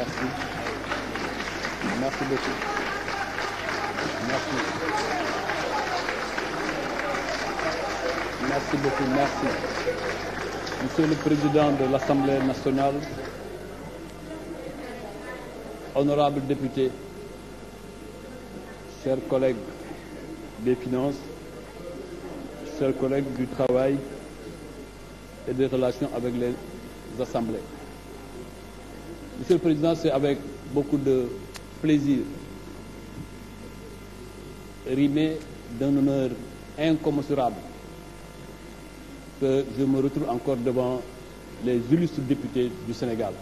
Merci. Merci beaucoup. Merci. Merci beaucoup, merci. Monsieur le Président de l'Assemblée nationale, honorables députés, chers collègues des finances, chers collègues du travail et des relations avec les assemblées. Monsieur le Président, c'est avec beaucoup de plaisir, rimé d'un honneur incommensurable, que je me retrouve encore devant les illustres députés du Sénégal.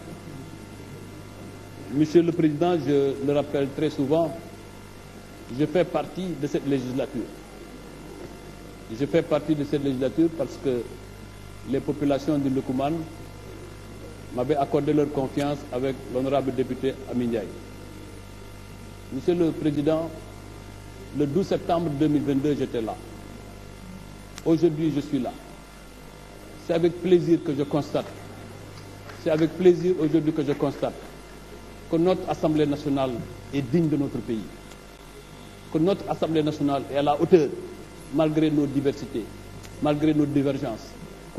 Monsieur le Président, je le rappelle très souvent, je fais partie de cette législature. Je fais partie de cette législature parce que les populations du Lukuman m'avaient accordé leur confiance avec l'honorable député Amindiaï. Monsieur le Président, le 12 septembre 2022, j'étais là. Aujourd'hui, je suis là. C'est avec plaisir que constate, c'est avec plaisir aujourd'hui que je constate que notre Assemblée nationale est digne de notre pays, que notre Assemblée nationale est la hauteur, malgré nos diversités, malgré nos divergences,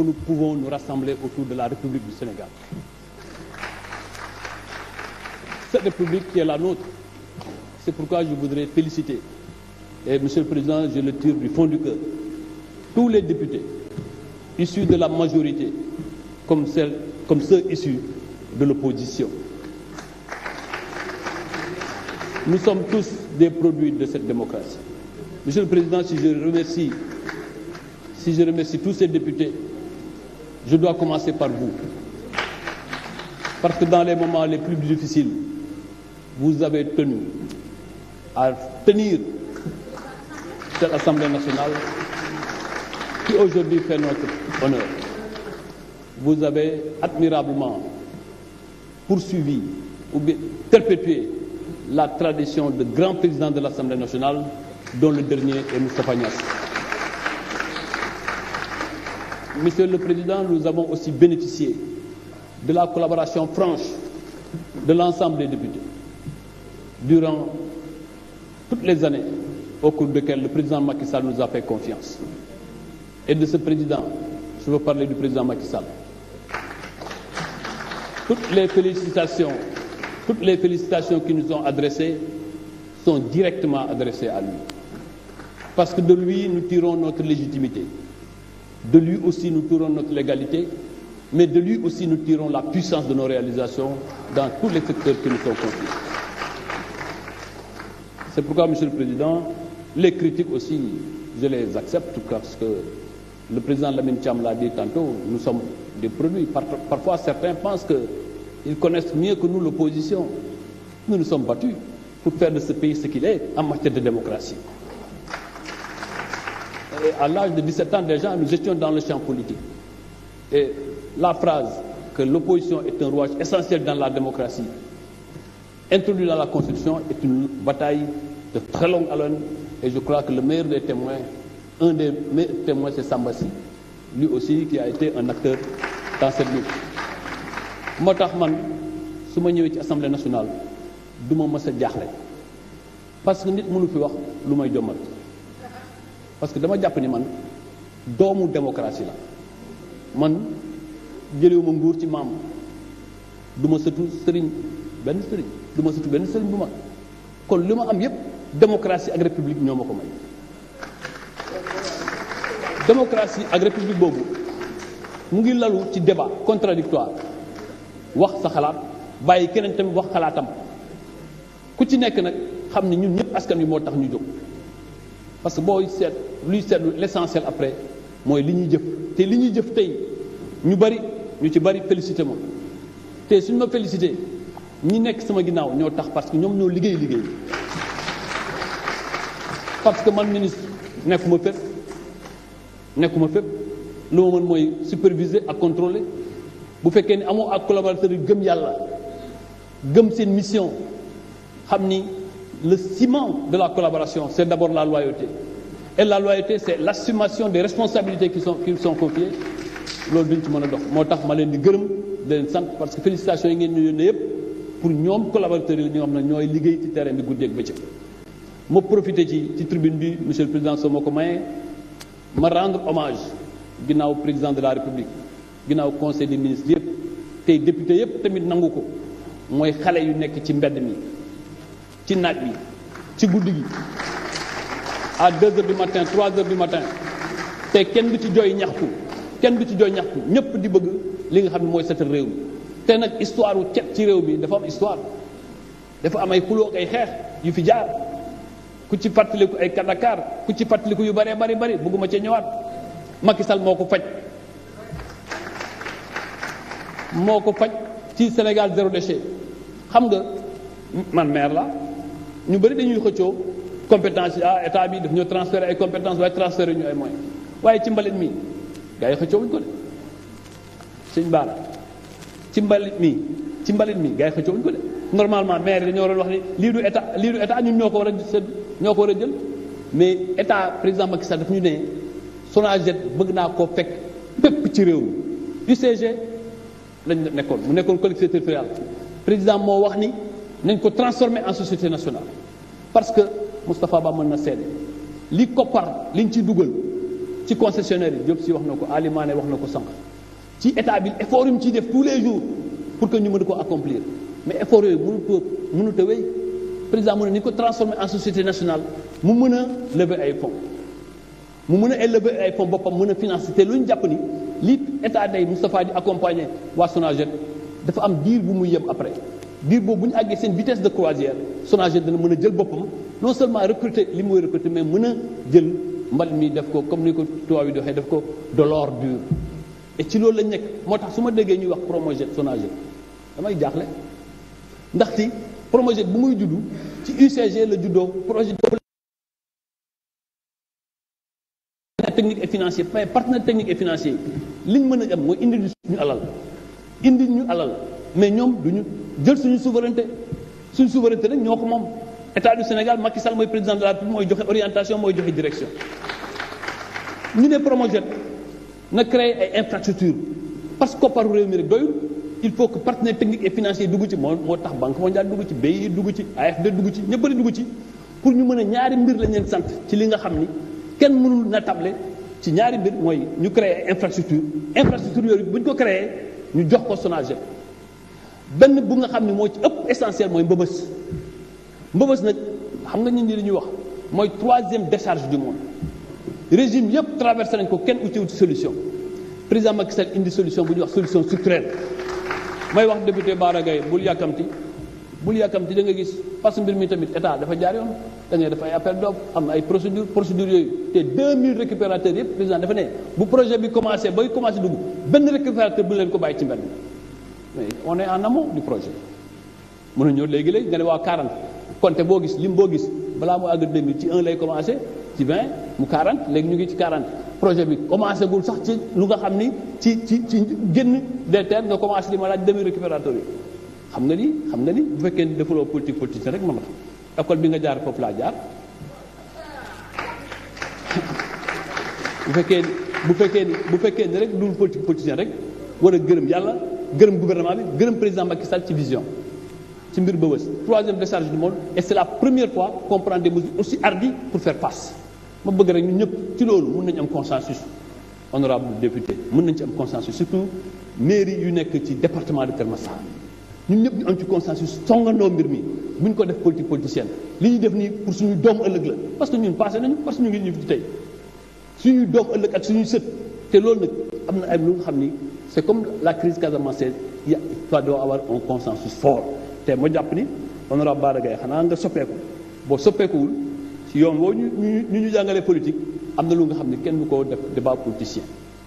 que nous pouvons nous rassembler autour de la République du Sénégal. Cette République qui est la nôtre, c'est pourquoi je voudrais féliciter, et Monsieur le Président, je le tire du fond du cœur, tous les députés issus de la majorité, comme, comme ceux issus de l'opposition. Nous sommes tous des produits de cette démocratie. Monsieur le Président, si je remercie tous ces députés, je dois commencer par vous. Parce que dans les moments les plus difficiles, vous avez tenu à tenir cette Assemblée nationale qui aujourd'hui fait notre honneur. Vous avez admirablement poursuivi ou bien perpétué la tradition de grands présidents de l'Assemblée nationale, dont le dernier est Moustapha Niasse. Monsieur le Président, nous avons aussi bénéficié de la collaboration franche de l'ensemble des députés durant toutes les années au cours desquelles le président Macky Sall nous a fait confiance. Et de ce président, je veux parler du président Macky Sall. les félicitations, toutes les félicitations qui nous ont adressées sont directement adressées à lui. Parce que de lui, nous tirons notre légitimité. De lui aussi, nous tirons notre légalité, mais de lui aussi, nous tirons la puissance de nos réalisations dans tous les secteurs qui nous sont confiés. C'est pourquoi, Monsieur le Président, les critiques aussi, je les accepte parce que le président Lamine Cham l'a dit tantôt, nous sommes des produits. parfois, certains pensent qu'ils connaissent mieux que nous l'opposition. Nous nous sommes battus pour faire de ce pays ce qu'il est en matière de démocratie. et à l'âge de 17 ans déjà, nous étions dans le champ politique. Et la phrase que l'opposition est un rouage essentiel dans la démocratie, introduite dans la Constitution, est une bataille de très longue haleine. Et je crois que le meilleur des témoins, un des meilleurs témoins, c'est Sambassi. Lui aussi qui a été un acteur dans cette lutte. moo tax man su ma ñëwee ci assemblée nationale du ma mës a parce que nit mënu fi wax lu may jommal parce que dama jàpp ni man doomu démocratie la man jëlewuma nguur ci maam duma ma sëtu sëriñ benn sëriñ du sëtu benn sëriñ bu mag kon li ma am yépp démocratie ak république ñoo ma ko may démocratie ak république boobu mu ngi lalu ci débat contradictoire wax sa xalaat bàyyi keneen tamit wax xalaatam ku ci nekk nag xam ni ñun ñëpp askan wi moo tax ñu jóg parce que boo seet luy seetlu l'essentiel après mooy li ñuy jëf te li ñuy jëf tey ñu bari ñu ci bari félicité ma te suñ ma félicité ñi nekk sama ginnaaw ñoo tax parce que ñoom ñoo liggéey liggéey parce que man ministre nekkuma fépp nekkuma fépp lu ma mën mooy superviser ak contrôler bu fekkee ni amoo ak collaborateur yu gëm yàlla gëm seen mission xam ni le ciment de la collaboration, c'est d'abord la loyauté. Et la loyauté, c'est l'assumation des responsabilités qui son qui sont confiées. loolu duñ ci mën a dox moo tax ma leen di gërëm di leen sant parce que félicitations yi ngeen ñu yónnee yëpp pour ñoom collaborateurs yi la na ñooy liggéey ci terrain bi guddeeg bëccëg. ma profité ci ci tribune bi monsieur le président soo ma ko mayee ma rendre hommage ginnaaw président de la république ginnaaw conseil des yëpp tey député yëpp tamit nangu ko mooy xale yu nekk ci mbedd mi. ci naaj bi ci guddi gi à 2 heures du matin 3 heures du matin te kenn du ci jooy ñaxtu kenn du ci jooy ñaxtu ñépp di bëgg li nga xam ne mooy setal réew mi te nag histoire wu cet ci réew bi dafa am histoire dafa am ay xuloo ak ay xeex yu fi jaar ku ci fàttaliku ay kadakaar ku ci fàttaliku yu bëree bari bëri bëgguma cee ñëwaat Macky Sall moo ko faj moo ko faj ci Sénégal zéro déchet xam nga man maire la ñu bëri dañuy xëccoo compétence yi ah état bi daf ñoo transféré ay compétence waaye transféré ñu ay moyens waaye ci mbalit mi gars yi xëccoo wuñ ko de sëñ baara ci mbalit mi ci mbalit mi gars yi xëccoo wuñ ko de normalement maire dañoo war wax ni lii du état lii du état ñun ñoo ko war a sëdd ñoo ko a jël mais état président Macky Sall daf ñu ne SONAGED bëgg naa ko fekk bépp ci réew mi UCG lañ nekkoon mu nekkoon collectivité territoriale président moo wax ni. nañ ko transformer en société nationale parce que Moustapha Ba mën na seede li koppar liñ ci dugal ci concessionnaire yi Diop si wax na ko Ali Mané wax na ko sànq ci état bi effort yu mu ciy def tous les jours pour que ñu mën ko accomplir mais effort yooyu mënut ko mënut a wéy président ni ko transformer en société nationale mu mën a lever ay fonds mu mun a élever ay fonds boppam mun a financer te lu ñu jàpp ni lii état day Moustapha di accompagner waa Sonaged dafa am diir bu muy yem après diir boobu ñu àggee seen vitesse de croisière Sonaged dana mën a jël boppam non seulement recruter li muy recruter mais mën a jël mbal mi def ko comme ni ko tubaab yi doxee def ko de l'or dur ci loolu lañ nekk moo tax su ma déggee ñuy wax Promojet Sonaged damay jaaxle ndaxte Promojet bu muy juddu ci UCG la juddoo projet technique et financier mais partenaire technique et financier liñ mën a am mooy indi ñu alal indi ñu alal mais ñoom du ñu jël suñu souveraineté suñu souveraineté nag ñoo ko moom état du Sénégal Macky Sall mooy président de la République mooy joxe orientation mooy joxe direction ñu ne Promojet na créer ay infrastructure parce que kopparu réew mi rek doyul il faut que partenaires technique et financiers dugg ci moo moo tax banque mondiale dugg ci béy dugg ci AFD dugg ci ñëpp a dugg ci pour ñu mën a ñaari mbir lañ leen sant ci li nga xam ni kenn mënul na table ci ñaari mbir mooy ñu créer ay infrastructure infrastructure yooyu bu ñu ko créer ñu jox ko Sonaged benn bu nga xam ni moo ci ëpp essentiel mooy mbëbës mbëbës nag xam nga nit ñi li ñuy wax mooy troisième décharge du moom régime yëpp traversé nañ ko kenn utiwul solution président Macky Sall indi solution bu ñu wax solution structurelle may wax député Bara Gaye bul yàkkamti bul yàkkamti da nga gis parce que mbir mi tamit état dafa jaar yoon da ngay def ay appel d'offre am na ay procédure procédure yooyu te 2000 récupérateurs yëpp président dafa ne bu projet bi commencé bay commencé dugg benn récupérateur bu leen ko bàyyi ci mbedd mais on est en amont du projet mun mënuñoo léegi léegi nga ne waa 40 compté boo gis lim boo gis balaa mu àgg 2000 ci 1 lay commencé ci 20 mu 40 léegi ñu ngi ci 40 projet bi commencé gul sax ci lu nga xam ni ci ci ci génn des nga commencé di ma laaj demi récupérateur yi xam nga ni xam nga ni bu fekkee ni defuloo politique politicien rek mën na école bi nga jaar foofu laa jaar bu fekkee bu fekkee bu fekkee ni rek du politique politicien rek war a gërëm yàlla. gërëm gouvernement bi gërëm président Macky Sall ci vision ci mbir ba wës troisième décharge du monde et c'est la première fois qu'on prend des aussi hardies pour faire face ma bëgg rek ñu ñëpp ci loolu mën nañu am consensus honorable député mën nañu ci am consensus surtout mairie yu nekk ci département de Keur Massar ñun ñëpp ñu am ci consensus songandoo mbir mi bu ñu ko def politique politicienne li ñu def nii pour suñu doom ëllëg la parce que ñun passé nañu parce que ñu ngi ñu fi tey suñuy ak suñuy sët te loolu nag am na ay lu xam ni c'est comme la crise casamançaise il fa doo avoir un consensus fort te ma jàpp ni honorable Bara Gaye xanaa nga soppeeku boo soppeekuwul si yoon woo ñu ñu ñu jàngalee politique am na lu nga xam ne kenn du ko def débat politicien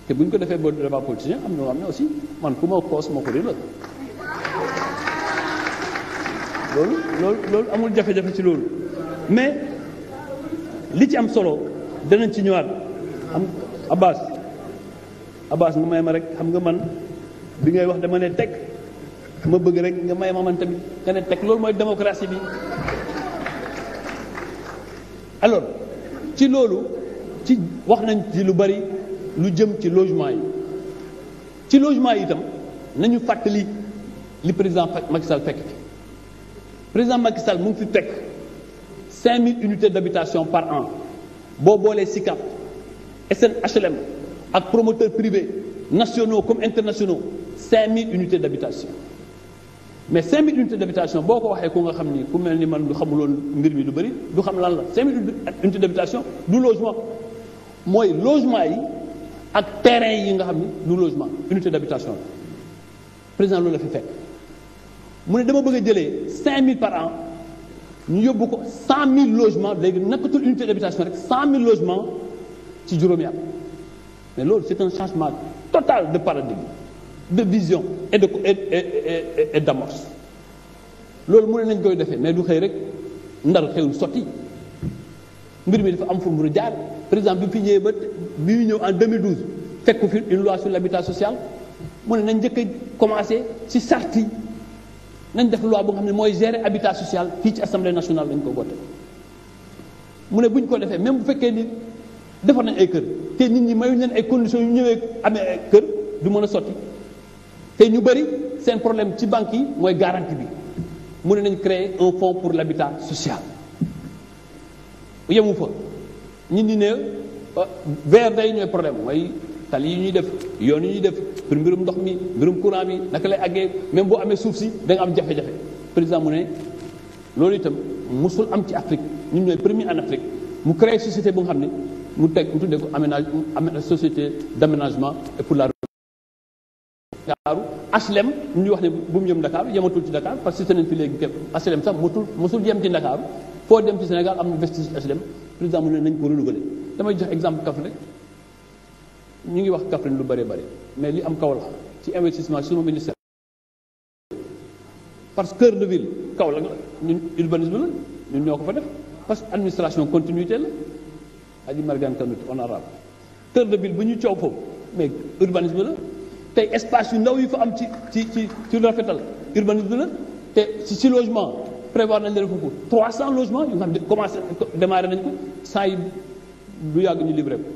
te bu ñu ko defee ba débat politicien am na loo xam ne aussi man ku ma koos ma ko réer la loolu loolu amul jafe-jafe ci loolu mais li ci am solo danañ ci ñëwaat am Abbas Abbas nga may ma rek xam nga man bi ngay wax dama ne teg ma bëgg rek nga may ma man tamit nga ne teg loolu mooy démocratie bi alors ci loolu ci wax nañ ci lu bari lu jëm ci logement yi ci logement yi itam nañu fàttali li président Macky Sall fekk fi président Macky Sall mu ngi fi fekk 5000 unités d'habitation par en boo boolee SICAP SN HLM ak promoteurs privés nationaux comme internationaux 5000 unités d' habitation mais 5000 unités d' habitation boo ko waxee ko nga xam ni ku mel ni man du xamuloon mbir mi lu bëri du xam lan la 5000 unités d' habitation du logement mooy logement yi ak terrain yi nga xam ni du unité d' habitation la président loolu la fi fekk mu ne dama bëgg jëlee jëlee mille par an ñu yóbbu ko 100000 logements léegi nekkatul unité d' habitation rek 100000 logements ci juróom at. mais loolu c'est un changement total de paradigme de vision et de et et et d'amorce loolu mu ne nañ koy defee mais du xëy rek ndar xëyul sotti mbir mi dafa am fu mu jaar par exemple bi fi ñëwee ba bi ñu ñëw en 2012 fekk fi une loi le l'habitat social mu ne nañ njëkk a commencé ci charte yi nañ def loi bu nga xam ne mooy gere habitat social fii ci assemblée nationale lañ ko voté mu ne buñ ñu ko defee même bu fekkee ni. defar nañ ay kër te nit ñi mayuñ leen ay conditions yu ñëwee amee ay kër du mën a sotti te ñu bëri seen problème ci banque yi mooy garantie bi mu ne nañ créer un fonds pour l'habitat social yemu fa nit ñi ne ah, vert day ñooy problème mooy tali yi ñuy def yoon yi ñuy def pour mbirum ndox mi mbirum courant bi naka lay àggee même boo amee suuf si da am jafe-jafe président mu ne loolu itam musul am ci Afrique ñun ñooy premier en Afrique mu créer société bu nga xam ne mu teg mu tuddee ko aménage société d' aménagement et pour la Dakar HLM ñu ngi wax ne bu mu yëm Dakar yematul ci Dakar parce que teneen fi léegi képp HLM sax motul mosul yem ci Dakar foo dem ci Sénégal am na vestige HLM président mu ne nañ ko renouveler damay jox exemple Kaffrine rek ñu ngi wax Kaffrine lu bëree bëri mais li am la ci investissement suma ministère parce que cœur de ville la ñu urbanisme la ñu ñoo ko fa def parce que administration continuité la aji margan kanut honorable terre de ville bu ñu coow foofu mais urbanisme la tey espace yu ndaw yi fa am ci ci ci ci rafetal urbanisme la te ci ci logement prévoir nañ leen foofu 300 logements yu nga xam commencé démarré nañ ko saa yi du yàgg ñu libre ko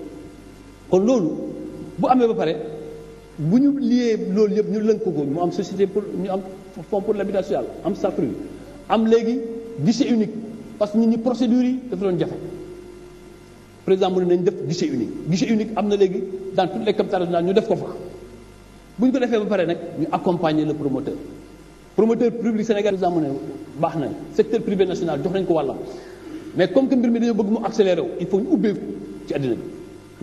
kon loolu bu amee ba pare bu ñu liee loolu yëpp ñu lënk ko mu am société pour ñu am fonds pour l'habitat social am SAFRU am léegi guichet unique parce que ñu ñi procédures yi dafa doon jafe président mu ne nañ def guichet unique guichet unique am na léegi dans toutes les capitales régionales ñu def ko fa bu ñu ko defee ba pare nag ñu accompagner le promoteur promoteur public Sénégal président mu ne baax na secteur privé national jox nañ ko wàllam mais comme que mbir mi dañoo bëgg mu accéléré wu il faut ñu ubbeeku ci àddina bi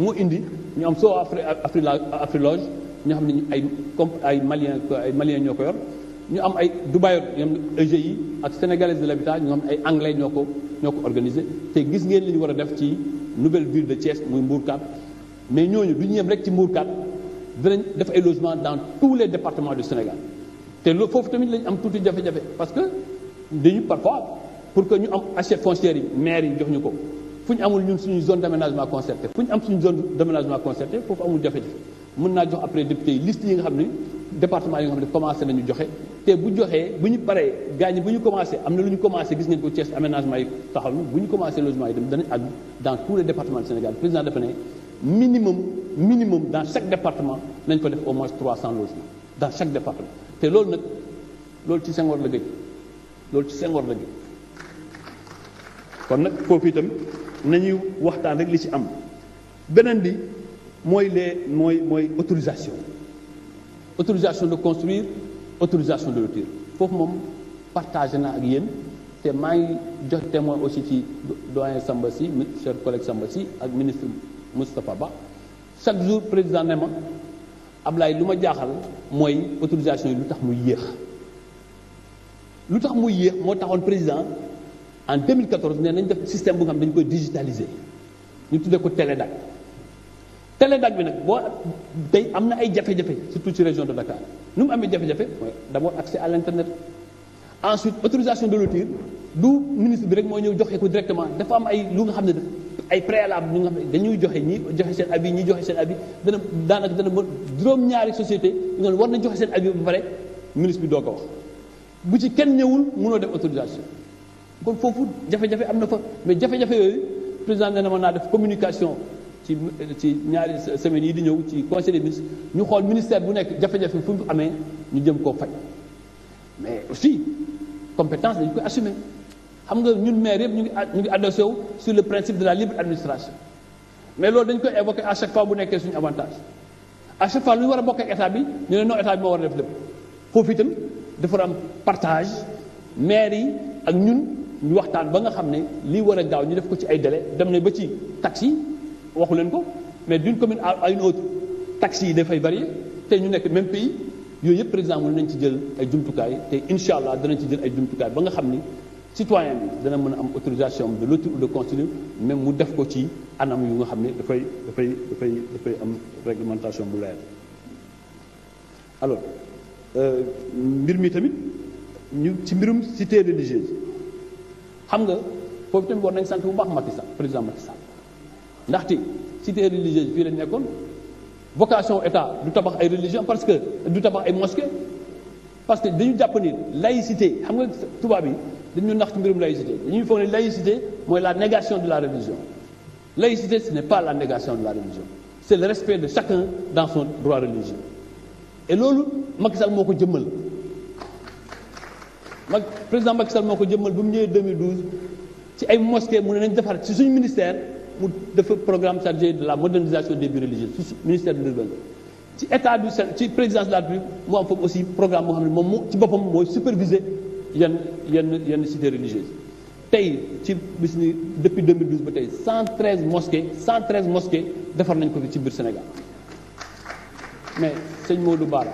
moo indi ñu am soo Afriloge ñoo xam ne ay comme ay malien ay malien ñoo ko yor ñu am ay Dubaï ñoom EGI ak sénégalais de l'habitat ñu am ay anglais ñoo ko ñoo ko organisé te gis ngeen li ñu war a def ci nouvelle ville de Thiès muy Mbourkat mais ñooñu du ñu yem rek ci Mbourkat dinañ def ay dans tous les départements du Sénégal te loolu foofu tamit lañ am tuuti jafe-jafe parce que dañu parfois pour que ñu am assiette foncière yi maire yi jox ñu ko fu ñu amul ñun suñu zone d' aménagement concerté fu ñu am suñu zone d' aménagement concerté foofu amul jafe-jafe mën naa jox après député yi liste yi nga xam ni département yi nga xam ne commencé nañu joxe te bu joxee bu ñu paree ñi bu ñu commencé am na lu ñu commencé gis ngeen ko Thiès aménagement yi taxaw na bu ñu commencé logement yi dem danañ àgg dans tous les départements du Sénégal président dafa ne minimum minimum dans chaque département nañ ko def au moins 300 logements dans chaque département te loolu nag loolu ci Senghor la gëj loolu ci Senghor la gëj kon nag foofu itam nañuy waxtaan rek li ci am beneen bi mooy les mooy mooy autorisation autorisation de construire autorisation de rupture foofu moom partagé na ak yéen te maa ngi jox témoin aussi ci doyen Samba Sy cher collègue Samba Sy ak ministre Moustapha Ba chaque jour président ne ma Ablaye lu ma jaaxal mooy autorisation yi lu tax muy yéex lu tax muy yéex moo taxoon président en 2014 nee nañ def système bu nga xam dañu koy digitaliser ñu tuddee ko Télédac Télédac bi nag boo day am na ay jafe-jafe surtout ci région de Dakar nu mu amee jafe-jafe mooy d'abord accès à l'internet ensuite autorisation de lotir du ministre bi rek moo ñëw joxe ko directement dafa am ay lu nga xam ne ay préalable ñu nga xam ne dañuy joxe ñii joxe seen avis ñi joxe seen avis dana daanaka dana mën juróom-ñaari société ñu nga war na joxe seen avis ba pare ministre bi doo ko wax bu ci kenn ñëwul mënoo def autorisation kon foofu jafe-jafe am na fa mais jafe-jafe yooyu président nee na mën naa def communication ci ci ñaari semaines yi di ñëw ci conseil des ministres ñu xool ministère bu nekk jafe-jafe fu mu amee ñu jëm koo faj mais aussi compétence dañu koy assumer xam nga ñun maire yëpp ñu ngi ñu ngi adossé wu sur le principe de la libre administration mais loolu dañ koy évoqué à chaque fois bu nekkee suñu avantage à chaque fois lu ñu war a bokkee ak état bi ñu ne non état bi moo war a def lépp foofu itam dafa am partage maire yi ak ñun ñu waxtaan ba nga xam ne lii war a gaaw ñu def ko ci ay délai dem na ba ci taxi waxu leen ko mais d'une commune à une autre taxes yi dafay varier te ñu nekk même pays yooyu yëpp par exemple nañ ci jël ay jumtukaay te incha allah danañ ci jël ay jumtukaay ba nga xam ni citoyen bi dana mën a am autorisation de lotir de construire même mu def ko ci anam yu nga xam ne dafay dafay dafay dafay am réglementation bu leer alors euh, mbir mi tamit ñu ci mbirum cité religieuse xam nga foofu tamit war nañ sant bu baax Macky Sall président Macky Sall ndaxte cité religieuse fii lañ nekkoon vocation état du tabax ay religion parce que du tabax ay mosquée parce que dañu jàpp ni laïcité xam nga tubaab yi dañu nax ci mbirum laïcité dañuy foog ne laïcité mooy la négation de la religion laïcité ce n'est pas la négation de la religion c'est le respect de chacun dans son droit religieux et loolu Macky moo ko jëmmal mag président Macky moo ko jëmmal bu mu ñëwee 2012 ci ay mosquée mu ne nañ defar ci suñu ministère mu dafa programme chargé de la modernisation des bureaux religieux ci ministère de l'urbain ci état du Sénégal ci présidence de la République mu am foofu aussi programme moo xam ne moom mu ci boppam mooy superviser yenn yenn yenn cités religieuses tey ci bis depuis demi 2012 ba tey cent 113 mosquées 113 mosquées defar nañ ko fi ci biir Sénégal mais sëñ Modou Bara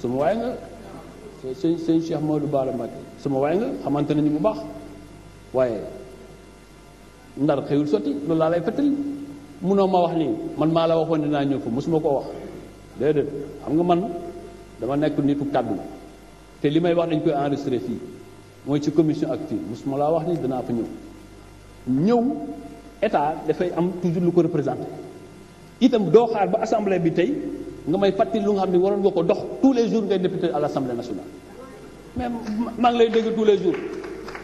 sama waay nga sëñ sëñ Cheikh Modou Bara Mbacké sama waay nga xamante nañu bu baax waaye ndar xëyul sotti loolu laa lay fàttali munoo ma wax nii man maa la waxoon dinaa ñëw fa mosuma koo wax déedéet xam nga man dama nekk nitu kàddu te li may wax dañ koy enregistré fii mooy ci commission active mosuma laa wax ni dinaa fa ñëw ñëw état dafay am toujours lu ko représenté itam doo xaar ba assemblée bi tey nga may fàttali lu nga xam ne waroon nga ko dox tous les jours ngay député à l' assemblée nationale maa ngi lay dëgg tous les jours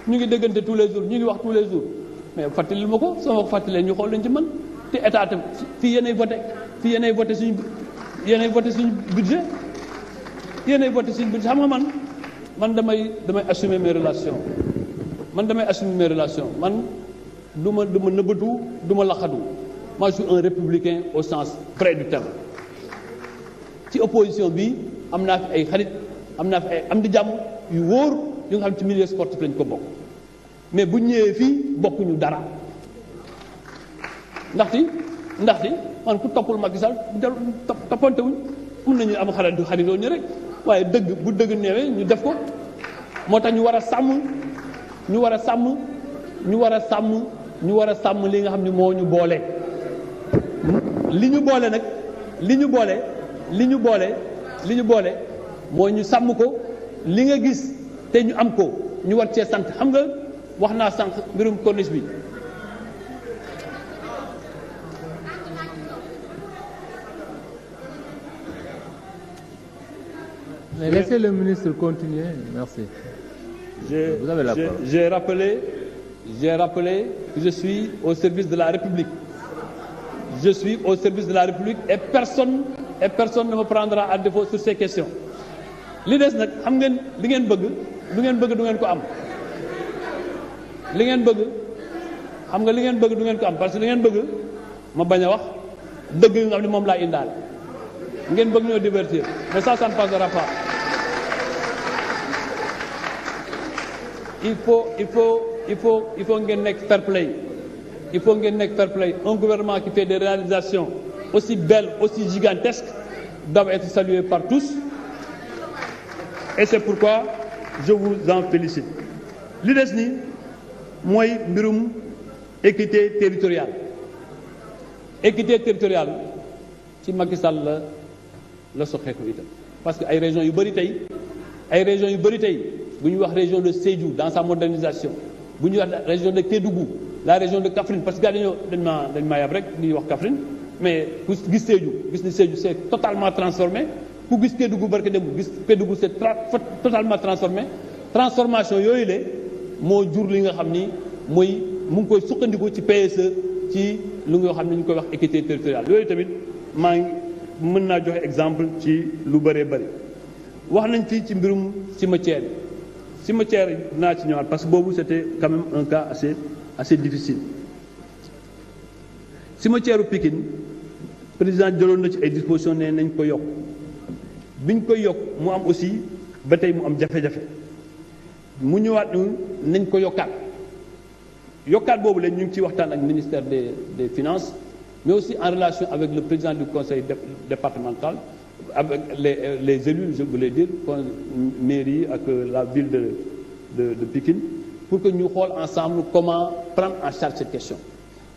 ñu ngi déggante tous les jours ñu ngi wax tous les jours mais fàttalil ma ko soo ma ko fàttalee ñu xool lañ ci man te état tam fii yéenay voté fii yéenay voté suñu yéenay voté suñu budget yéenay voté suñu budget xam nga man man damay damay assumer mes relations man damay assumer mes relations man du ma du ma nëbbatu du ma laxatu moi je un républicain au sens vrai du terme ci opposition bi am naa fi ay xarit am naa fi ay am di jàmm yu wóor yu nga xam ci milieu sportif lañ ko bokk. mais bu ñëwee fii bokkuñu dara ndaxte ndaxte man ku toppul Macky Sall toppante wuñ mun nañu am xarit xaritoo ñu rek waaye dëgg bu dëgg neewee ñu def ko moo tax ñu war a sàmm ñu war a sàmm ñu war a sàmm ñu war a sàmm li nga xam ni moo ñu boole. li ñu boole nag li ñu boole li ñu boole li ñu boole moo ñu sàmm ko li nga gis te ñu am ko ñu war cee sant xam nga. wax naa sànq mbirum corniche bi Mais laissez le ministre continuer, merci. J'ai, la parole. J'ai rappelé, j'ai rappelé je suis au service de la République. Je suis au service de la République et personne et personne ne me prendra à défaut sur ces questions. Li des nag xam ngeen li ngeen bëgg lu ngeen bëgg du ngeen ko am. li ngeen bëgg xam nga li ngeen bëgg du ngeen ko am parce que li ngeen bëgg ma bañ a wax dëgg yu nga xam ne moom laa indaale ngeen bëgg ñoo divertir mais ça ça ne pas il faut il faut il faut il faut ngeen nekk fair play il faut ngeen nekk fair play un gouvernement qui fait des réalisations aussi belles aussi gigantesques doivent être saluées par tous et c'est pourquoi je vous en félicite li des nii mooy mbirum équité territoriale équité territoriale ci Macky Sall la la soxeeku itam parce que ay régions yu bëri tey ay région yu bëri tey bu ñu wax région de Sédhiou dans sa modernisation bu ñu wax région de Kédougou la région de Kaffrine parce que gars dañoo dañ maa dañ maa yab rek ñuy wax Kaffrine mais ku gis Sédhiou gis ni Sédhiou c'est totalement transformé ku gis Kédougou barke dem gis Kédougou c'est totalement transformé transformation yooyu le moo jur li nga xam ni mooy mu ngi koy sukkandiku ci PSE ci lu nga xam ni ñu koy wax équité territoriale loolu tamit maa ngi mën naa joxe exemple ci lu bëree bëri wax nañ ci ci mbirum cimetière yi cimetière yi naa ci ñëwaat parce que boobu c'était quand même un cas assez assez difficile cimetière u Pikine président jëloon na ci ay dispositions nee nañ ko yokk biñ koy yokk mu am aussi ba tey mu am jafe-jafe mu ñëwaat ñu nañ ko yokkaat yokkaat boobu la ñu ngi ciy waxtaan ak ministère des des finances mais aussi en relation avec le président du conseil départemental avec les les élus je voulais dire con mairie ak la ville de de de Pikine pour que ñu xool ensemble comment prendre en charge cette question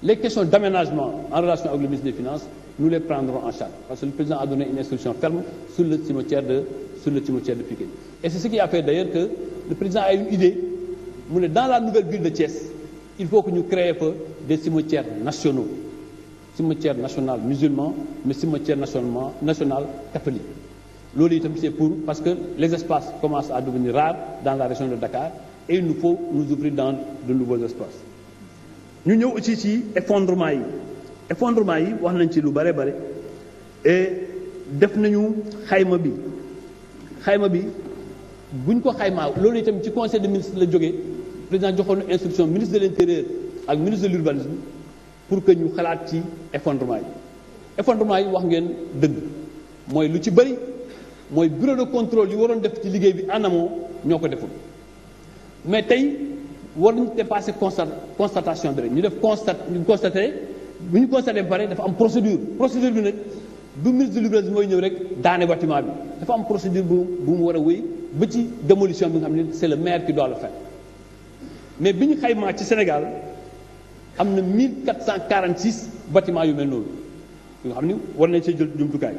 les questions d'aménagement en relation avec le ministre des finances nous les prendrons en charge parce que le président a donné une instruction ferme sur le cimetière de sur le cimetière et c'est ce qui a fait le président a une idée mu ne dans la nouvelle ville de Thiès il faut que ñu créer fa des cimetières nationaux cimetière national musulman mais cimetière nationalement national catholique loolu itam c'est pour parce que les espaces commencent à devenir rares dans la région de Dakar et il nous faut nous ouvrir dans de nouveaux espaces ñu ñëw aussi ci effondrement yi effondrement yi wax nañ ci lu bare bare et def nañu xayma bi xayma bi bu ñu ko xaymaa loolu itam ci conseil des ministres la jógee président joxoon na instruction ministre de l' intérieur ak ministre de l'urbanisme pour que ñu xalaat ci effondrement yi effondrement yi wax ngeen dëgg mooy lu ci bëri mooy bureau de contrôle yi waroon def ci liggéey bi en amont ñoo ko deful mais tey war nañu dépasser constat constatation bi rek ñu def constat ñu constaté bu ñu constaté ba pare dafa am procédure procédure bi nag du ministre de l'urbanisme mooy ñëw rek daane bâtiment bi dafa am procédure bu bu mu war a wéy ba ci démolition bi nga xam ne c'est le maire qui doit le faire mais bi ñu xaymaa ci Sénégal am na 1446 bâtiment yu mel noonu yu nga xam ni war nañ see jël jumtukaay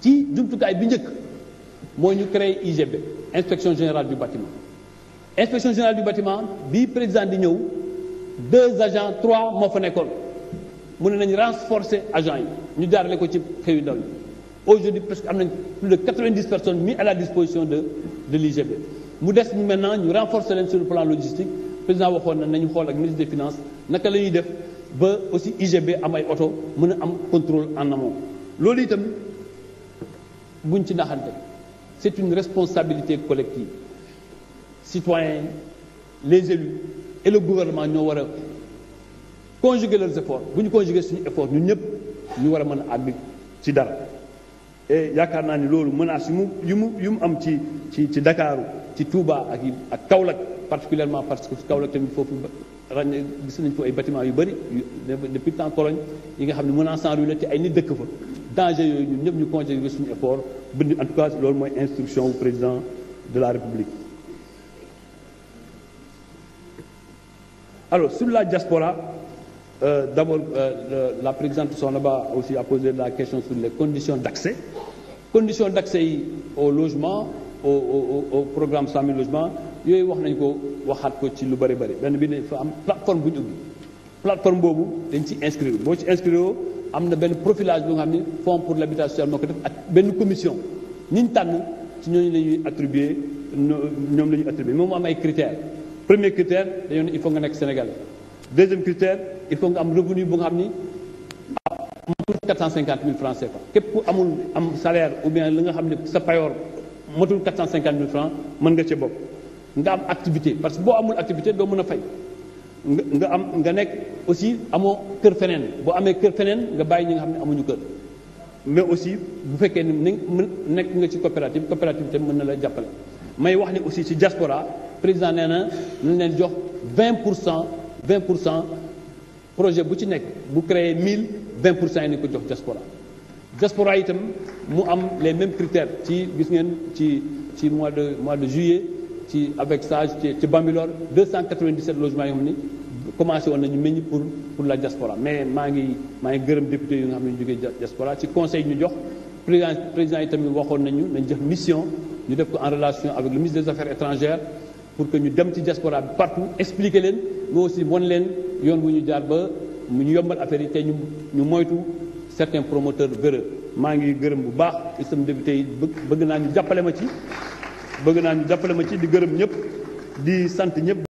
ci jumtukaay bi njëkk mooy ñu créer IGB inspection générale du bâtiment inspection générale du bâtiment bii président di ñëw deux agents trois moo fa nekkoon. mu ne nañ renforcer agent yi ñu jaarale ko ci xew yu ndaw yi aujourd'hui presque am nañ plus de 90 personnes mis à la disposition de de l'IGB mu des ñu maintenant ñu renforcer leen sur le plan logistique président waxoon na nañu xool ak ministre des finances naka la ñuy def ba aussi IGB am ay oto mën a am contrôle en amont loolu itam buñ ci naxante c'est une responsabilité collective citoyens les élus et le gouvernement ñoo war a conjuguer leurs efforts bu ñu conjuguer suñu effort ñun ñëpp ñu war a mën a àgg ci dara e yaakaar naa ni loolu menace a mu yu mu yu mu am ci ci ci Ndakaaru ci Touba ak ak Kaolack particulièrement parce que Kaolack tamit foofu ràññee gis nañ fa ay bâtiments yu bëri depuis temps colonie yi nga xam ne menace a ruine la ci ay nit dëkk fa danger yooyu ñun ñëpp ñu conjuguer suñu effort bu en tout cas loolu mooy instruction wu président de la République alors sur la diaspora Euh, d'abord, euh, la présidente Sonaba aussi a posé la question sur les conditions d'accès. Conditions d'accès au logement, au, au, au programme 100 yooyu wax nañ ko waxaat ko ci lu bëri bëri benn bi dafa am plateforme bu ñu ubbi plateforme boobu dañ ci inscrire boo ci inscrire am na benn profilage bu nga xam ne fonds pour l'habitat social moo ko def ak benn commission ñi ñu tànn ci ñooñu la atribuer ñoom la ñuy attribuer moom am ay critères premier critère dañoo ne il faut nga nekk sénégal deuxième critère il faut nga am revenu bu nga xam ni matul 450 000 francs ko képp ku amul am salaire ou bien li nga xam ne sa payoor matul 450 000 francs mën nga ca bopp nga am activité parce que boo amul activité doo mën a fay nga am nga nekk aussi amoo kër feneen boo amee kër feneen nga bàyyi ñi nga xam ne amuñu kër mais aussi bu fekkee ni nekk nga ci coopérative coopérative tamit mën na la jàppale may wax ni aussi ci diaspora président nee na nañ leen jox 20 pour cent 20 pour cent projet bu ci nekk bu créé 1000 pour cent yi nañ ko jox diaspora diaspora itam mu am les mêmes critères ci gis ngeen ci ci mois de mois de juillet ci avec sage ci ci Bambilor 297 logements yoo xam ni commencé woon nañu meññ pour pour la diaspora mais maa ngi maa ngi gërëm député yi nga xam ne ñu jógee diaspora ci conseil ñu jox président président yi tamit waxoon nañu nañ def mission ñu def ko en relation avec le ministre des affaires étrangères pour que ñu dem ci diaspora bi partout expliquer leen mais aussi won leen yoon wu ñu jaar ba mu ñu yombal affaire yi te ñu ñu moytu certains promoteurs véreux maa ngi gërëm bu baax itam député yi bëgg naa ñu jàppale ma ci bëgg naa ñu jàppale ma ci di gërëm ñëpp di sant ñëpp